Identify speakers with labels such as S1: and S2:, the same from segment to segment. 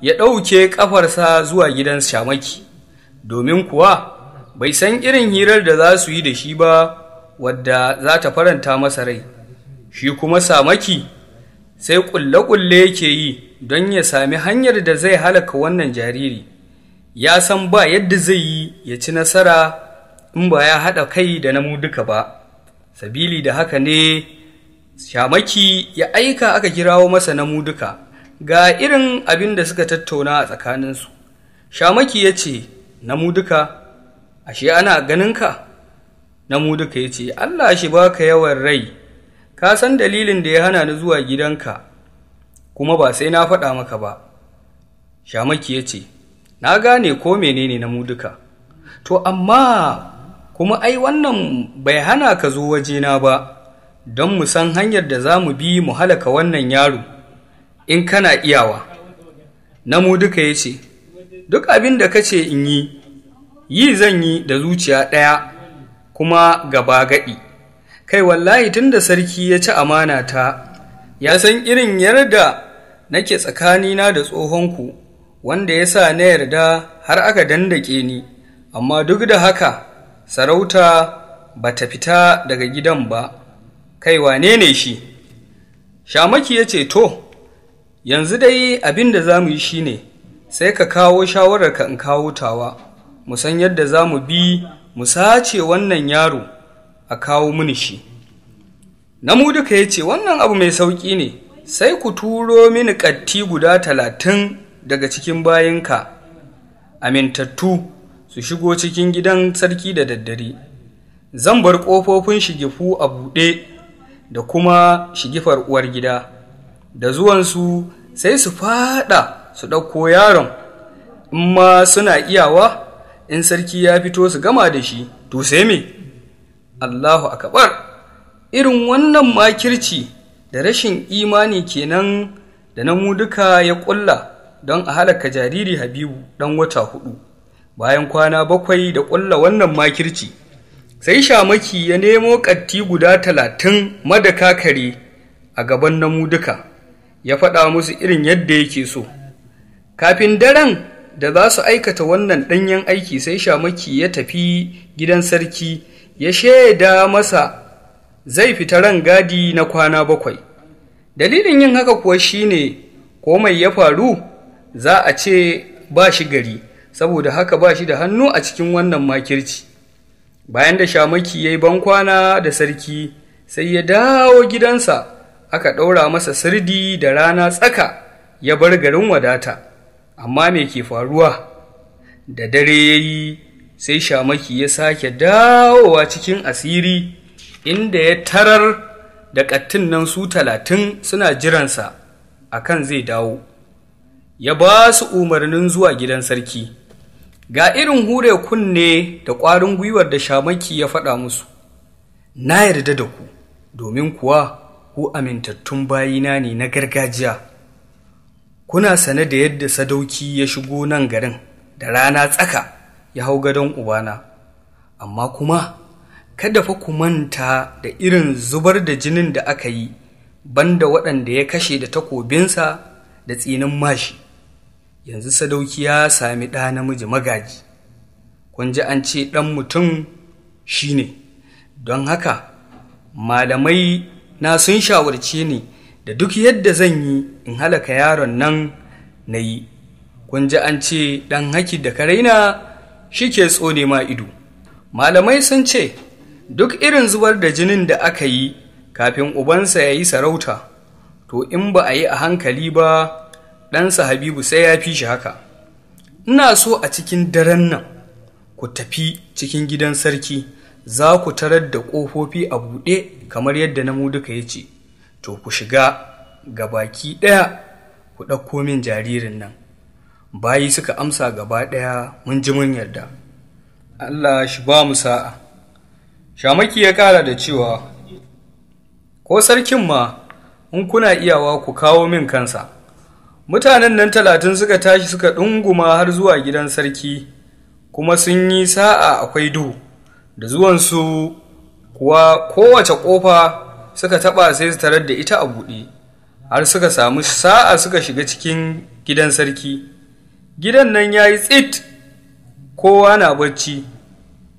S1: ya ɗauke ƙafarsa zuwa gidan shamaki, domin kuwa bai san irin hirar da za su yi da shi ba wadda za ta faranta masa rai, shi kuma samaki sai ƙulle-ƙulle yake yi don ya sami hanyar da zai halaka wannan jariri, ya san ba yadda zai yi ya ci nasara in ba ya haɗa kai da namu duka ba, sabili da haka ne shamaki ya aika aka kirawo masa namu duka. ga irin abin da suka tattauna a tsakaninsu shamaki ya ce na mu duka ashe ana ganinka na mu duka ya ce allah shi baka yawan rai ka san dalilin da ya hana ni zuwa gidanka kuma ba sai na faɗa maka ba shamaki ya ce na gane ko menene na mu duka to amma kuma ai wannan bai hana ka zo wajena ba don mu san hanyar da za mu bi mu halaka wannan yaro in kana iyawa Namu duka ya ce duk abin da ka ce in yi yi zan yi da zuciya ɗaya kuma gaba gaɗi kai wallahi tun da sarki ya ci amana ta ya san irin yarda nake tsakanina da tsohonku wanda ya sa na yarda har aka dandake ni amma duk da haka sarauta ba ta fita daga gidan ba kai wane ne shi shamaki ya ce to yanzu dai abin da za mu yi shine sai ka kawo shawararka in kawo tawa mu san yadda za mu bi mu sace wannan yaro a kawo mini shi namu duka ya ce wannan abu mai sauƙi ne sai ku turo mini ƙatti guda talatin daga cikin bayinka amintattu su shigo cikin gidan sarki da daddare zan bar ƙofofin shigifu a buɗe da kuma shigifar uwar gida da zuwansu sai su fada su ɗauko yaron in ma suna iyawa in sarki ya fito su gama da shi to sai me Allahu akabar! irin wannan makirci da rashin imani kenan da na mu duka ya ƙulla don a halaka jariri habibu dan wata hudu bayan kwana bakwai da ƙulla wannan makirci sai shamaki ya nemo ƙatti guda talatin madaka kare a gaban namu duka ya faɗa musu irin yadda yake so kafin daren da za su aikata wannan ɗanyen aiki sai shamaki ya tafi gidan sarki ya shaida masa zai fita ran gadi na kwana bakwai dalilin yin haka kuwa shine komai ya faru za a ce ba shi gari saboda haka ba shi da hannu a cikin wannan makirci bayan da shamaki ya yi bankwana da sarki sai ya dawo gidansa aka ɗaura masa sirdi da rana tsaka ya bar garin wadata amma me ke faruwa da dare ya yi sai shamaki ya sake dawowa cikin asiri inda ya tarar da ƙattin nan su talatin suna jiransa a kan zai dawo ya ba su umarnin zuwa gidan sarki ga irin hure kunne da ƙwarin gwiwar da shamaki ya faɗa musu na yarda da ku domin kuwa ko amintattun bayina ne na gargajiya kuna sane da yadda sadauki ya shigo nan garin da rana tsaka ya hau gadon ubana amma kuma kada fa ku manta da irin zubar da jinin da aka yi banda waɗanda ya kashe da takobinsa da tsinin mashi yanzu sadauki ya sami ɗa namiji magaji kun ji an ce ɗan mutum shi ne, don haka malamai na sun shawarce ni da duk yadda zan yi in halaka yaron nan na yi kun ji an ce ɗan haki da karaina shi ke tsone ma ido malamai sun ce duk irin zubar da jinin da aka yi kafin ubansa ya yi sarauta to in ba a yi a hankali ba ɗansa habibu sai ya fi shi haka ina so a cikin daren nan ku tafi cikin gidan sarki za ku tarar da ƙofofi a buɗe kamar yadda na mu duka ya ce, To ku shiga ga baki ɗaya ku ɗauko min jaririn nan. Bayi suka amsa gaba ɗaya mun ji mun yarda. Allah shi ba mu sa'a. Shamaki ya ƙara da cewa, Ko sarkin ma, in kuna iyawa ku kawo min kansa. Mutanen nan talatin suka tashi suka ɗunguma har zuwa gidan sarki, kuma sun yi sa'a akwai duhu, da zuwansu kuwa kowace ƙofa suka taɓa sai su tarar da ita a buɗe har suka samu sa'a suka shiga cikin gidan sarki gidan nan ya yi tsit kowa na bacci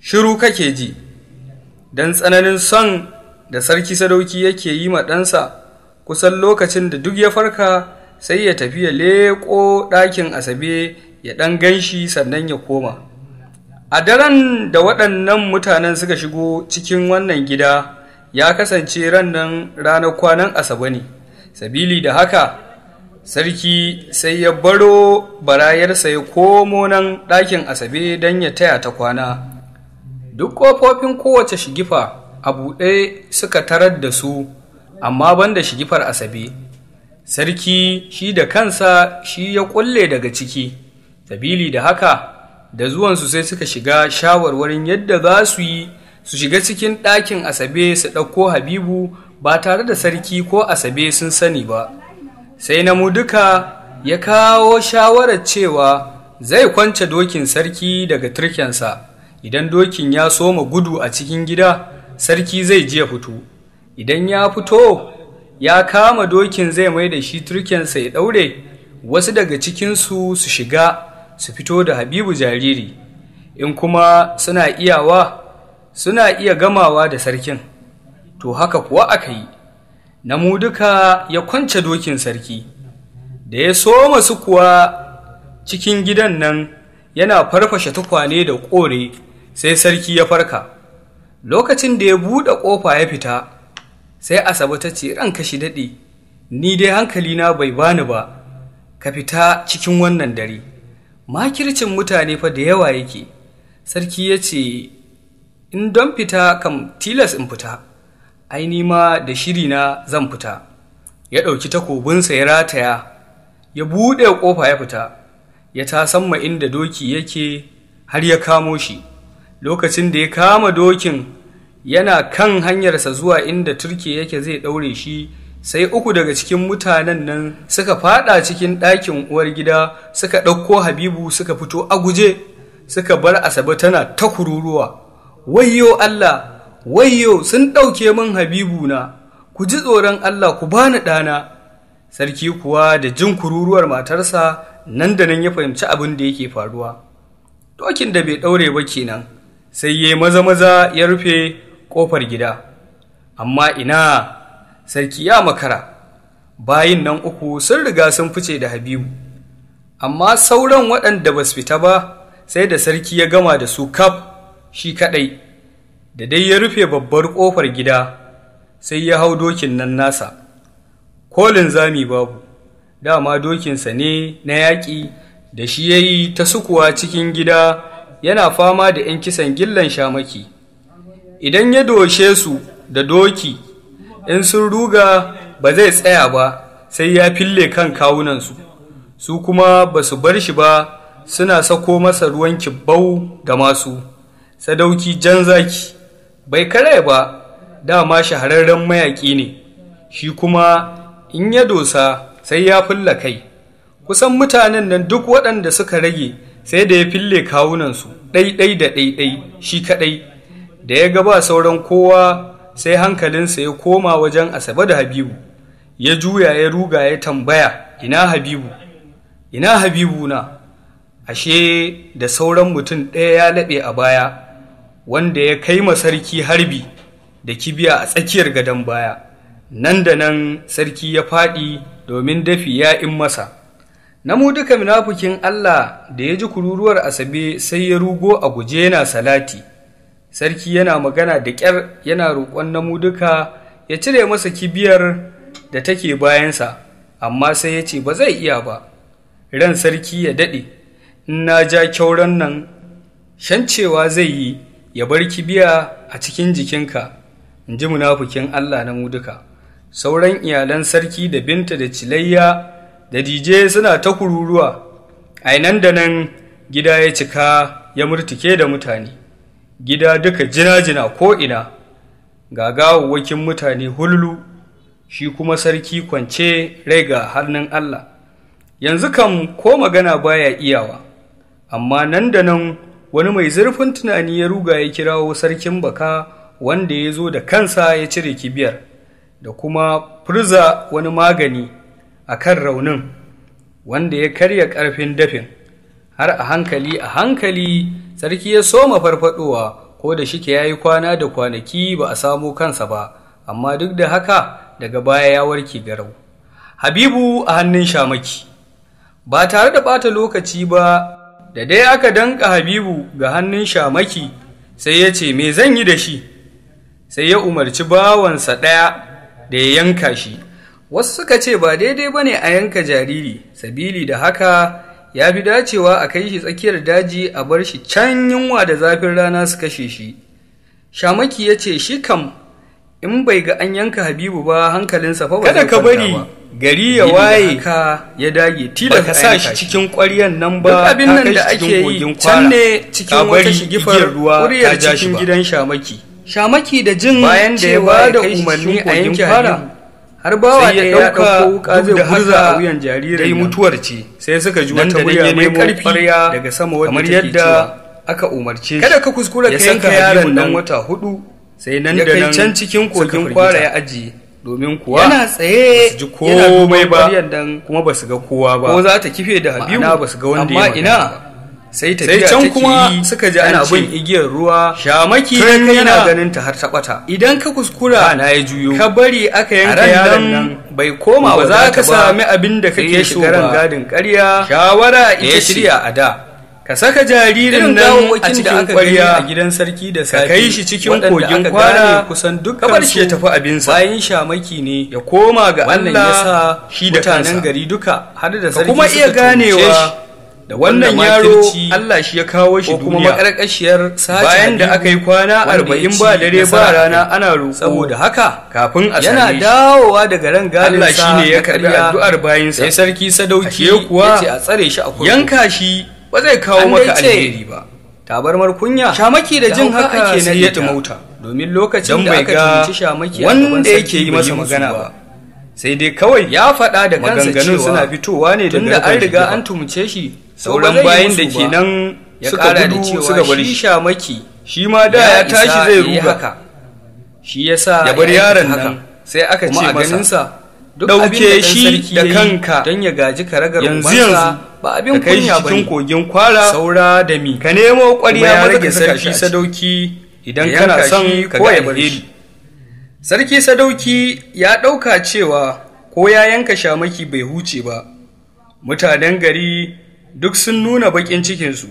S1: shiru kake ji don tsananin son da sarki sadauki yake yi ma ɗansa kusan lokacin da duk ya farka sai ya tafi ya leƙo ɗakin asabe ya ɗan ganshi sannan ya koma a daren da waɗannan mutanen suka shigo cikin wannan gida ya kasance rannan ranar kwanan asabe ne sabili da haka sarki sai ya baro barayarsa ya komo nan ɗakin asabe don ya taya ta kwana duk ƙofofin kowace shigifa a buɗe suka tarar da su amma banda shigifar asabe sarki shi da kansa shi ya ƙulle daga ciki sabili da haka da zuwansu sai suka shiga shawarwarin yadda za su yi su shiga cikin ɗakin asabe su ɗauko habibu ba tare da sarki ko asabe sun sani ba sai na mu duka ya kawo shawarar cewa zai kwance dokin sarki daga turkensa idan dokin ya soma gudu a cikin gida sarki zai je fito idan ya fito ya kama dokin zai mai da shi turkensa ya ɗaure wasu daga cikinsu su shiga su fito da habibu jariri in kuma suna iyawa suna iya gamawa da sarkin to haka kuwa aka yi na mu duka ya kwance dokin sarki da ya soma su kuwa cikin gidan nan yana farfashe tukwane da ƙore sai sarki ya farka lokacin da ya buɗe ƙofa ya fita sai asabe ta ce ranka shi daɗe ni dai hankalina bai bani ba ka fita cikin wannan dare makircin mutane fa da yawa yake sarki ya ce in don fita kam tilas in fita ai ma da shiri na zan fita ya ɗauki takobinsa ya rataya ya buɗe ƙofa ya fita ya tasamma inda doki yake har ya kamo shi lokacin da ya kama dokin yana kan hanyarsa zuwa inda turke yake zai ɗaure shi sai uku daga cikin mutanen nan suka fada cikin ɗakin uwar gida suka ɗauko habibu suka fito a guje suka bar asabe tana ta kururuwa wayyo allah wayyo sun ɗauke min habibu na ku ji tsoron allah ku bani ɗana sarki kuwa da jin kururuwar matarsa nan da nan ya fahimci abin da yake faruwa dokin da bai ɗaure ba kenan sai ya maza maza ya rufe ƙofar gida amma ina sarki ya makara bayin nan uku sun riga sun fice da habibu amma sauran waɗanda ba su fita ba sai da sarki ya gama da su kaf shi kaɗai da dai ya rufe babbar ƙofar gida sai ya hau dokin nan nasa kolin zami babu dama dokinsa ne na yaƙi da shi ya yi ta sukuwa cikin gida yana fama da ‘yan kisan gillan shamaki idan ya doshe su da doki in sun ruga ba zai tsaya ba sai ya fille kan kawunansu su kuma ba su bar shi ba suna sako masa ruwan kibbau da masu sadauki jan zaki bai kare ba dama shahararren mayaƙi ne shi kuma in ya dosa sai ya fulla kai kusan mutanen nan duk waɗanda suka rage sai da ya fille kawunansu ɗaiɗai da ɗaiɗai shi kaɗai da ya gaba sauran kowa sai hankalinsa ya koma wajen asabe da habibu ya juya ya ruga ya tambaya ina habibu ina habibu na ashe da sauran mutum ɗaya ya laɓe a baya wanda ya kai ma sarki harbi da kibiya a tsakiyar gadon baya nan da nan sarki ya faɗi domin dafi ya in masa Na mu duka munafukin allah da ya ji kururuwar asabe sai ya rugo a guje yana salati sarki yana magana da ƙyar yana roƙon namu duka ya cire masa kibiyar da take bayansa amma sai ya ce ba zai iya ba ran sarki ya daɗe in na ja kyauran nan shancewa zai yi ya bar kibiya a cikin jikinka in ji munafukin allah na mu sauran iyalan sarki da binta da cilayya da dije suna ta kururuwa a nan da nan gida ya cika ya murtuke da mutane gida duka jina-jina ko'ina ga gawawwakin mutane hululu shi kuma sarki kwance rai ga hannun Allah yanzu kan ko magana baya iyawa amma nan da nan wani mai zurfin tunani ya ruga ya kirawo sarkin baka wanda ya zo da kansa ya cire kibiyar da kuma furza wani magani a kan raunin wanda ya karya ƙarfin dafin har a hankali a hankali sarki ya soma farfaɗowa, ko da shike ya yi kwana da kwanaki ba a samo kansa ba amma duk da haka daga baya ya warke garau habibu a hannun shamaki ba tare da bata lokaci ba da dai aka danka habibu ga hannun shamaki sai ya ce me zan yi da shi sai ya umarci bawansa ɗaya da ya yanka shi wasu suka ce ba daidai ba ne a yanka jariri sabili da haka ya fi dacewa a kai shi tsakiyar daji a bar shi can yunwa da zafin rana su kashe shi shamaki ya ce shi kam in bai ga an yanka habibu ba hankalinsa fa ba kada ka bari gari ya waye ya dage tilo ka sa shi cikin ƙwaryan nan ba abin nan da ake yi can ne cikin wata shigifar ƙuryar cikin gidan shamaki shamaki da jin bayan da ya ba da umarni a yanke habibu har bawa da dauka wuka zai gurza a wuyan jaririn dai mutuwar ce sai suka ji wata wuya mai karfi daga sama wadda kamar yadda aka umarce kada ka kuskura ka yanka yaron nan wata hudu sai nan da nan can cikin kogin kwara ya ajiye domin kuwa yana tsaye ji komai ba kuma ba su ga kowa ba ko za ta kife da habibu ba su ga wanda amma ina sai tafiya can kuma suka ji ana bin igiyar ruwa shamaki kai na ganin ta har ta bata idan ka kuskura na ya juyo ka bari aka yanka yaron bai koma ba za ka sami abin da kake so ba gadin ƙarya shawara ita shirya a da ka saka jaririn nan a cikin kwarya a gidan sarki da safe kai shi cikin kogin kwana kusan duk kabar shi ya tafi abinsa bayan shamaki ne ya koma ga Allah shi da gari duka har da sarki kuma iya ganewa da wannan yaro Allah shi ya kawo shi kuma sace bayan da aka yi kwana arba'in ba dare ba rana ana roƙo saboda haka kafin a yana dawowa daga ran galin Allah shine ya karbi addu'ar bayin sa sarki sadauki ya kuwa a tsare shi a yanka shi ba zai kawo maka alheri ba tabarmar kunya shamaki da jin haka kenan ya tumauta domin lokacin da aka tunci shamaki wanda yake yi masa magana ba sai dai kawai ya faɗa da kansa cewa suna fitowa ne daga an riga an tumce shi sauran bayan da ke nan suka gudu suka bar shi shamaki shi ma da ya tashi zai ruga shi sa ya bar yaron nan sai aka ce masa Dauke shi da kanka don ya gaji karagar yanzu yanzu ba abin kunya ba cikin kogin kwara saura da mi ka nemo kwariya maza da sarki sadauki idan kana son ka ga alheri sarki sadauki ya ɗauka cewa ko ya yanka shamaki bai huce ba mutanen gari duk sun nuna baƙin cikinsu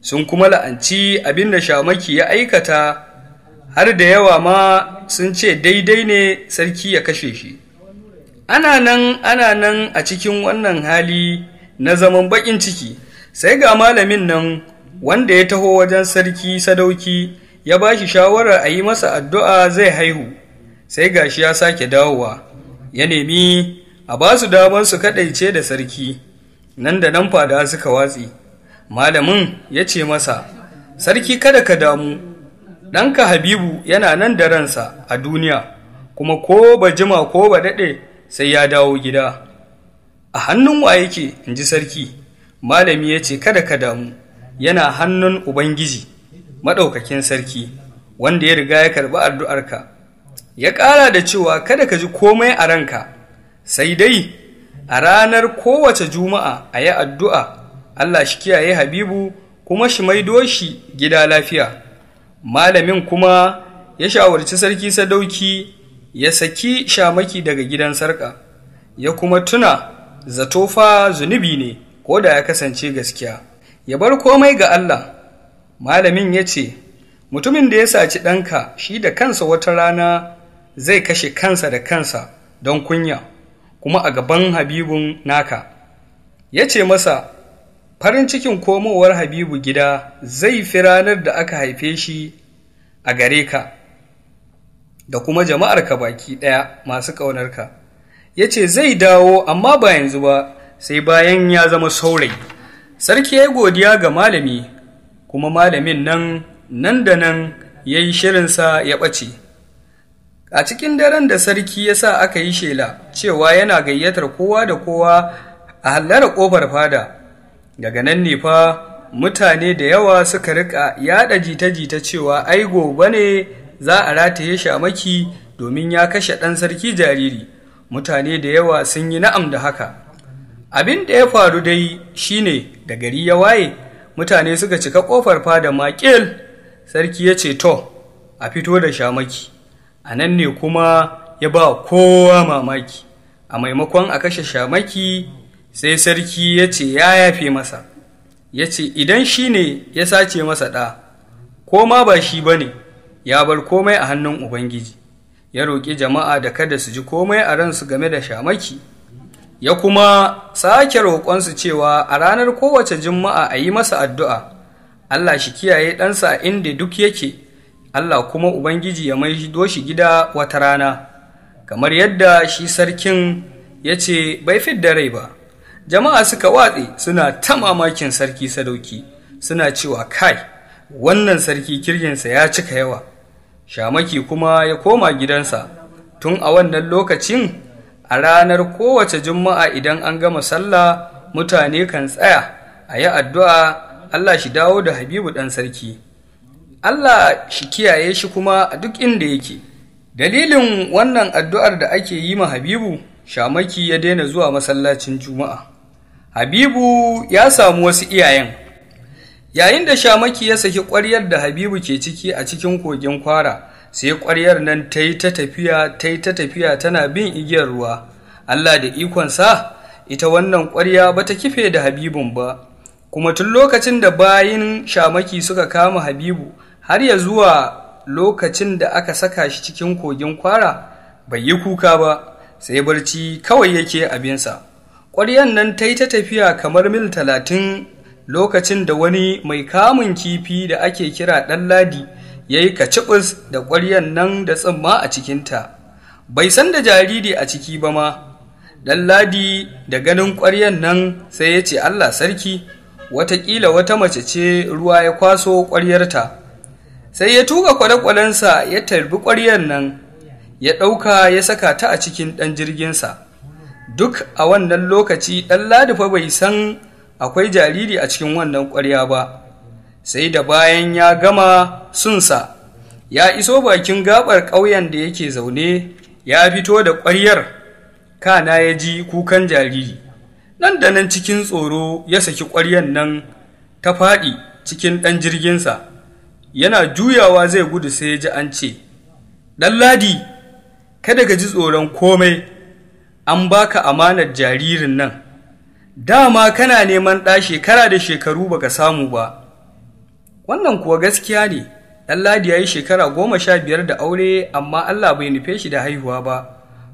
S1: sun kuma la'anci abin da shamaki ya aikata har da yawa ma sun ce daidai ne sarki ya kashe shi ana nan ana nan a cikin wannan hali na zaman baƙin ciki sai ga malamin nan wanda ya taho wajen sarki sadauki ya ba shi shawarar a yi masa addu'a zai haihu sai gashi ya sake dawowa ya nemi a ba su damar su kaɗaice da sarki nan da nan fada suka watsi malamin ya ce masa sarki kada ka damu ɗanka habibu yana nan da ransa a duniya kuma ko ba jima ko ba daɗe sai ya dawo gida a hannun wa yake in ji sarki malami ya ce kada ka damu yana hannun ubangiji maɗaukakin sarki wanda ya riga ya karɓi addu'arka ya ƙara da cewa kada ka ji komai a ranka sai dai a ranar kowace juma'a a yi addu'a Allah shi kiyaye Habibu kuma shi maido shi gida lafiya. Malamin kuma ya shawarci sarki sadauki ya saki shamaki daga gidan sarka, ya kuma tuna zato fa zunubi ne ko da ya kasance gaskiya. Ya bar komai ga Allah, malamin ya ce, Mutumin da ya saci ɗanka shi da kansa wata rana zai kashe kansa da kansa don kunya. kuma a gaban habibun naka ya ce masa farin cikin komowar habibu gida zai fi ranar da aka haife shi a gare ka da kuma jama'arka baki ɗaya masu ƙaunarka ya ce zai dawo amma ba yanzu ba sai bayan ya zama saurayi sarki ya godiya ga malami kuma malamin nan nan da nan ya yi shirinsa ya ɓace A cikin daren da sarki ya sa aka yi shela cewa yana gayyatar kowa da kowa a hallara ƙofar fada, daga nan ne fa mutane da yawa suka rika yaɗa jita-jita cewa ai gobe ne za a rataye shamaki domin ya kashe ɗan sarki jariri. Mutane da yawa sun yi na'am da haka. Abin da ya faru dai shine da gari ya waye, mutane suka cika ƙofar fada makil, sarki ya ce to, a fito da shamaki. a nan ne kuma ya ba kowa mamaki a maimakon a kashe shamaki sai sarki ya ce ya yafe masa ya ce idan shi ne ya sace masa ɗa ko ma ba shi ba ne ya bar komai a hannun ubangiji ya roƙi jama'a da kada su ji komai a ransu game da shamaki ya kuma sake roƙonsu cewa a ranar kowace juma'a a yi masa addu'a Allah shi kiyaye ɗansa a inda duk yake Allah kuma Ubangiji ya mai shi gida wata rana, kamar yadda shi sarkin ya ce bai fit da rai ba. Jama'a suka watse suna ta mamakin sarki sadauki, suna cewa kai, wannan sarki kirginsa ya cika yawa. Shamaki kuma ya koma gidansa, tun a wannan lokacin a ranar kowace juma'a idan an gama sallah mutane kan tsaya a yi addu'a Allah shi dawo da Habibu ɗan sarki. Allah shi kiyaye shi kuma a duk inda yake. Dalilin wannan addu'ar da ake yi ma Habibu, Shamaki ya daina zuwa masallacin Juma'a. Habibu ya samu wasu iyayen. Yayin da Shamaki ya saki ƙwaryar da Habibu ke ciki a cikin kogin kwara, sai ƙwaryar nan ta yi ta tafiya, ta yi ta tafiya tana bin igiyar ruwa. Allah da ikonsa, ita wannan ƙwarya ba ta kife da Habibun ba, kuma tun lokacin da bayin Shamaki suka kama Habibu, har ya zuwa lokacin da aka saka shi cikin kogin kwara bai yi kuka ba sai barci kawai yake abinsa ƙwaryan nan ta yi ta tafiya kamar mil talatin lokacin da wani mai kamun kifi da ake kira ɗan ladi ya yi kacibus da ƙwaryan nan da tsumma a cikinta bai san da jariri a ciki ba ma ɗan ladi da ganin ƙwaryan nan sai ya ce allah sarki watakila wata mace ce ruwa ya kwaso ƙwaryarta sai ya tuga kwale-kwalensa ya tarbi ƙwaryar nan ya ɗauka ya saka ta a cikin ɗan jirginsa duk a wannan lokaci ɗan ladifa bai san akwai jariri a cikin wannan ƙwarya ba sai da bayan ya gama sunsa ya iso bakin gabar ƙauyen da yake zaune ya fito da ƙwaryar kana ya ji kukan jariri nan da nan cikin tsoro ya saki ƙwaryar nan ta faɗi cikin ɗan jirginsa yana juyawa zai gudu sai ya ji an ce ɗan ladi kada ka ji tsoron komai an baka amanar jaririn nan dama kana neman ɗa shekara da shekaru baka samu ba wannan kuwa gaskiya ne ɗan ladi ya yi shekara goma sha biyar da aure amma allah bai nufe shi da haihuwa ba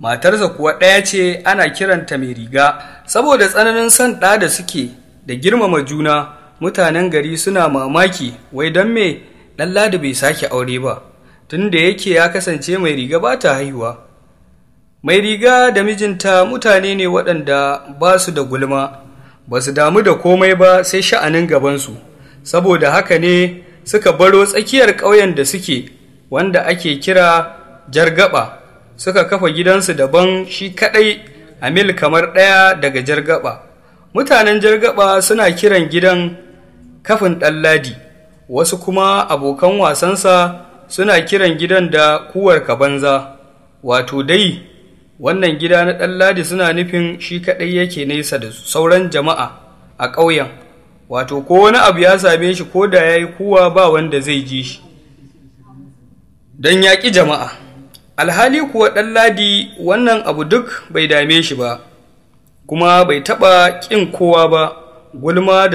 S1: matarsa kuwa ɗaya ce ana kiranta mai riga saboda tsananin son ɗa da suke da girmama juna mutanen gari suna mamaki wai don me ɗan ladi bai sake aure ba tunda yake ya kasance mai riga ba ta haihuwa mai riga da mijinta mutane ne waɗanda ba su da gulma ba su damu da komai ba sai sha'anin gabansu saboda haka ne suka baro tsakiyar ƙauyen da suke wanda ake kira jargaba suka kafa gidansu daban shi kaɗai a mil kamar ɗaya daga jargaba mutanen jargaba suna kiran gidan kafin ɗan Ladi. wasu kuma abokan wasansa suna kiran gidan da kuwar ka banza wato dai wannan gida na ɗanladi suna nufin shi kaɗai yake nesa da sauran jama'a a ƙauyen wato ko wani abu ya same shi ko da ya yi kuwa ba wanda zai ji shi don yaƙi jama'a alhali kuwa ɗanladi wannan abu duk bai dame shi ba kuma bai taɓa ƙin kowa ba gulma da